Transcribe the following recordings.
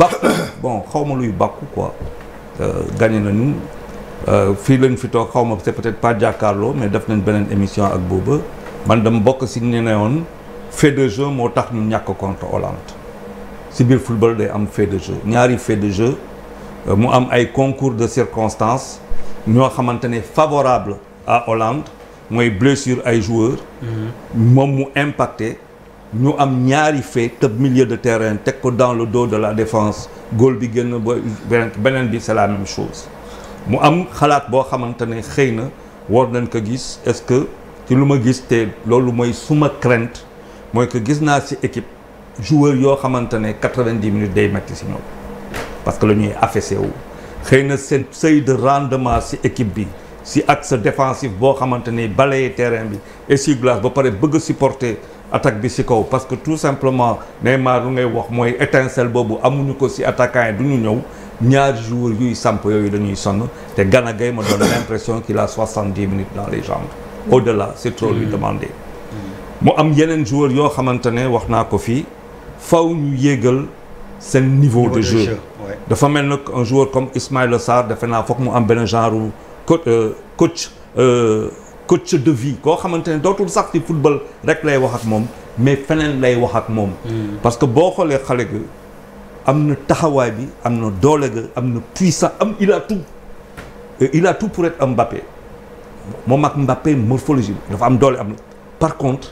bakku bon xaw ma luy bakku quoi euh, gagné nañu euh, fii lañ fi toog xaw ma c'est peut-être pas jàkkaarloo mais def nañ beneen émission ak booba man dama bokk si ñu ne woon fait de jeu moo tax ñu ñàkk contre Hollande si biir football day am fait de jeu ñaari fait de jeu euh, mu am ay concours de circonstances ñoo xamante ne favorable à Hollande mooy blessure ay joueurs mm-hmm. moom mu impacté ñu am ñaari fait tëb milieu de terrain teg ko dans le dos de la défense góol bi génn ba beneen bi c'est la même chose mu am xalaat boo xamante ne xëy na war nañ ko gis est-ce que ci lu ma gis te loolu mooy suma crainte mooy que gis naa si équipe joueur yoo xamante ne quatre-vingt-dix minutes day metti ci ñoom parce que la ñuy affaissé wu xëy na seen seuil de rendement ci équipe bi si ci axe défensif boo xamante ne balayer terrain bi essuie-glace ba pare bëgg supporter attaque bi ci kaw parce que tout simplement Neymar lu ngay wax mooy étincelle boobu amuñu ko ci attaquant yi du ñu ñëw ñaari jour yuy samp yooyu dañuy sonn te Gana Gueye ma donne l'impression qu'il a soixante-dix minutes dans les jambes au-delà c'est trop lui demander mu am yeneen joueur yoo xamante ne wax naa ko fii faw ñu yégal seen niveau de jeu dafa mel na un joueur comme Ismaïla Sarr defe naa foog mu am benn genre euh, euh, coach coach euh, coach de vie koo xamante ne dootul sax ci football rek lay wax ak moom mais feneen lay wax ak moom. Hmm. parce que boo xoolee xale ga am na taxawaay bi am na doole ga am na puissance am il a tout il a tout pour am mbappe moom ak Mbappé morphologie dafa am doole am na par contre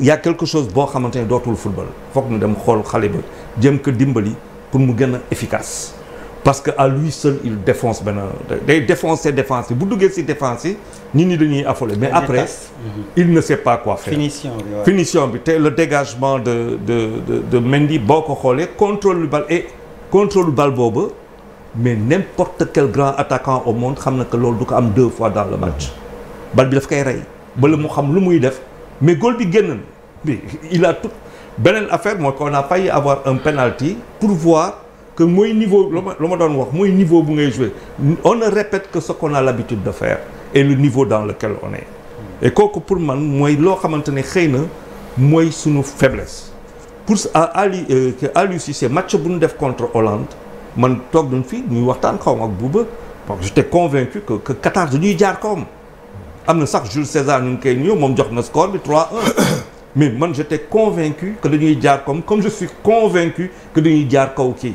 il y a quelque chose boo xamante ne dootul football foog ñu dem xool xale bi jëm ko dimbali pour mu gën a efficace. parce que à lui seul il défonce benn day défoncer défense bu duggee si défense yi nit ñi dañuy affolé mais après mhm. il ne sait pas quoi faire finition bi ouais. te le dégagement de de de de Mendy boo ko xoolee contrôle bal et contrôle bal boobu mais n'importe quel grand attaquant au monde xam na que loolu du ko am deux fois dans le match bal bi daf koy rey bala mu xam lu muy def mais góol bi génn mais il a tout beneen affaire mooy qu'on a failli avoir un penalty que mooy niveau lu ma lu ma doon wax mooy niveau bu ngay jouer on ne répète que ce qu'on a l'habitude de faire et le niveau dans lequel on est et kooku pour man mooy loo xamante ne xëy na mooy suñu faiblesse pour Ali euh, Aliou Cissé match bu nu def contre Hollande man toog nañ fii muy waxtaan xaw ma ak Bouba bon j'étais convaincu que que dañuy jaar kawam am na sax Jules César ñu ngi koy ñëw moom jox na score bi 3 mais man te convaincu que dañuy jaar comme comme je suis convaincu que dañuy jaar kaw kii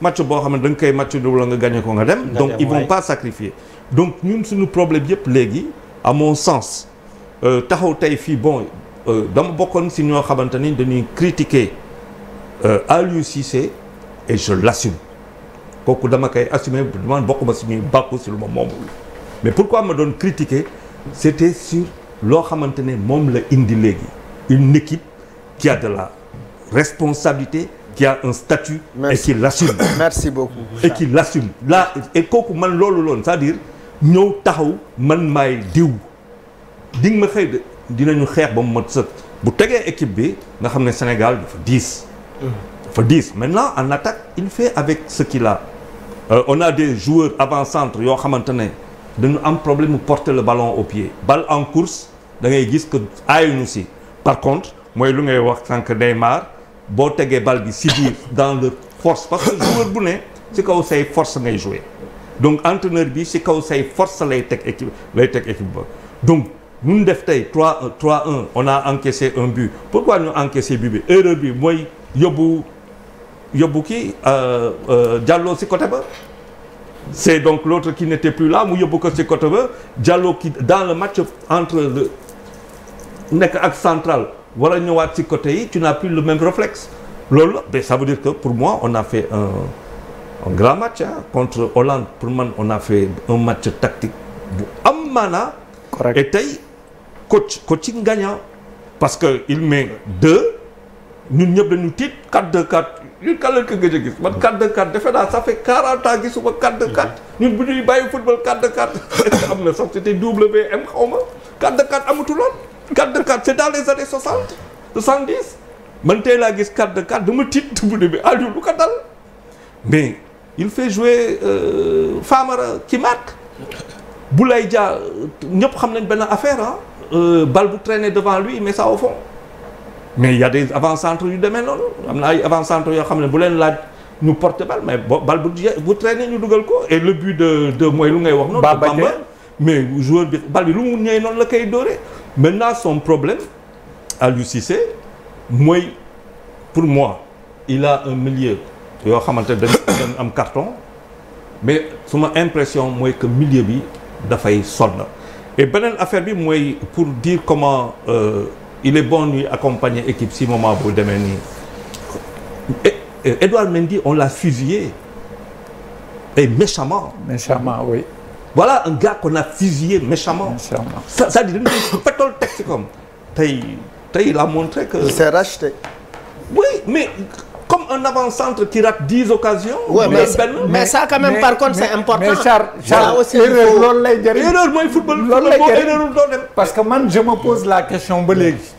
match boo xam ne da nga koy match du la nga gagné ko nga dem donc ils vont pas sacrifier donc ñun suñu problème yëpp léegi à mon sens euh, taxaw tey fii bon euh, dama bokkoon si ñoo xamante ni dañuy critiquer euh, Aliou Cissé et je l'assume kooku dama koy assumer man bokkuma si ñuy bàkku si lu ma moom mais pourquoi ma doon critiquer c'était sur loo xamante ne moom la indi léegi une équipe qui la responsabilité qui a un statut merci. et qui l'assume merci beaucoup et qui l'assume là et kooku man loolu loon cest à ñëw taxaw man may diw di ma xëy de dinañu xeex ba mu mat sëkk bu tegee équipe bi nga xam ne Sénégal dafa diis dafa diis maintenant en attaque il fait avec ce qu'il a euh, on a des joueurs avant-centre yoo xamante ne dañu am problème mu porter le ballon au pied balle en course da ngay gis que aayuñu si par contre mooy lu ngay wax sànq Neymar boo tegee bal bi si biir dans leur force parce que joueur bu ne si kaw say force ngay jouer donc entraîneur bi si kaw say force lay teg équipe lay teg équipe ba donc mun def tey trois trois un on a encaissé un but pourquoi ñu encaissé but bi erreur bi mooy yóbbu yóbbu kii euh, euh, Diallo si côté ba c'est donc l'autre qui n'était plus là mu yóbbu ko si côté ba Diallo qui dans le match entre le nekk ak central wala ñëwaat ci côté yi tu na plus le même réflexe loolu la mais ça veut dire que pour moi on a fait un un grand match hein, contre Hollande pour man on a fait un match tactique bu am maanaa. correct et tey coach nga gagnant parce que il met deux ñun ñëpp dañu tiit 4-2 4 ñun kan lañ ko gëj a gis man 4-2 4 defe naa ça fait 40 ans gisuma 4-2 4 ñun bu ñuy bàyyi football 4-2 4 est-ce que am na sax c'était WM xaw ma 4-2 4 amatuloon. 4 de 4 c'est dans les années 60 70 man tey laa gis 4 de 4 dama tiit bu demee Aliou ah, lu ko dal mais il fait jouer euh, Famara qui bu lay Dia ñëpp xam nañ benn affaire ah euh, bal bu traîner devant lui il met ça au fond mais il y avant-centres yu demee noonu am naa ay avant-centres yoo xam ne bu leen laaj ñu porte bal mais bo bal bu bu traîner ñu dugal ko et le but de de mooy lu ngay wax noonu Bamba mais joueur bi bal bi lu ñëwee noonu la koy dóoree maintenant son problème Aliou Cissé mooy pour moi il a un milieu yoo xamante dañ am carton mais ma impression mooy que milieu bi dafay sonn et beneen affaire bi mooy pour dire comment euh, il est bon ñuy accompagner équipe si moment bu demee nii euh, Edouard Mendy on l'a fusillé et méchamment méchamment oui voilà un gars qu'on a fusillé méchamment. méchamment. ça ça dit dañu teg ci comme tey tey il a montré que. il s'est oui mais. comme un avant-centre qui rate dix occasions. Ouais, mais, mais, mais ça aussi erreur lay jëriñ. erreur mooy football. loolu lay jëriñ parce que man je me pose la question ba léegi.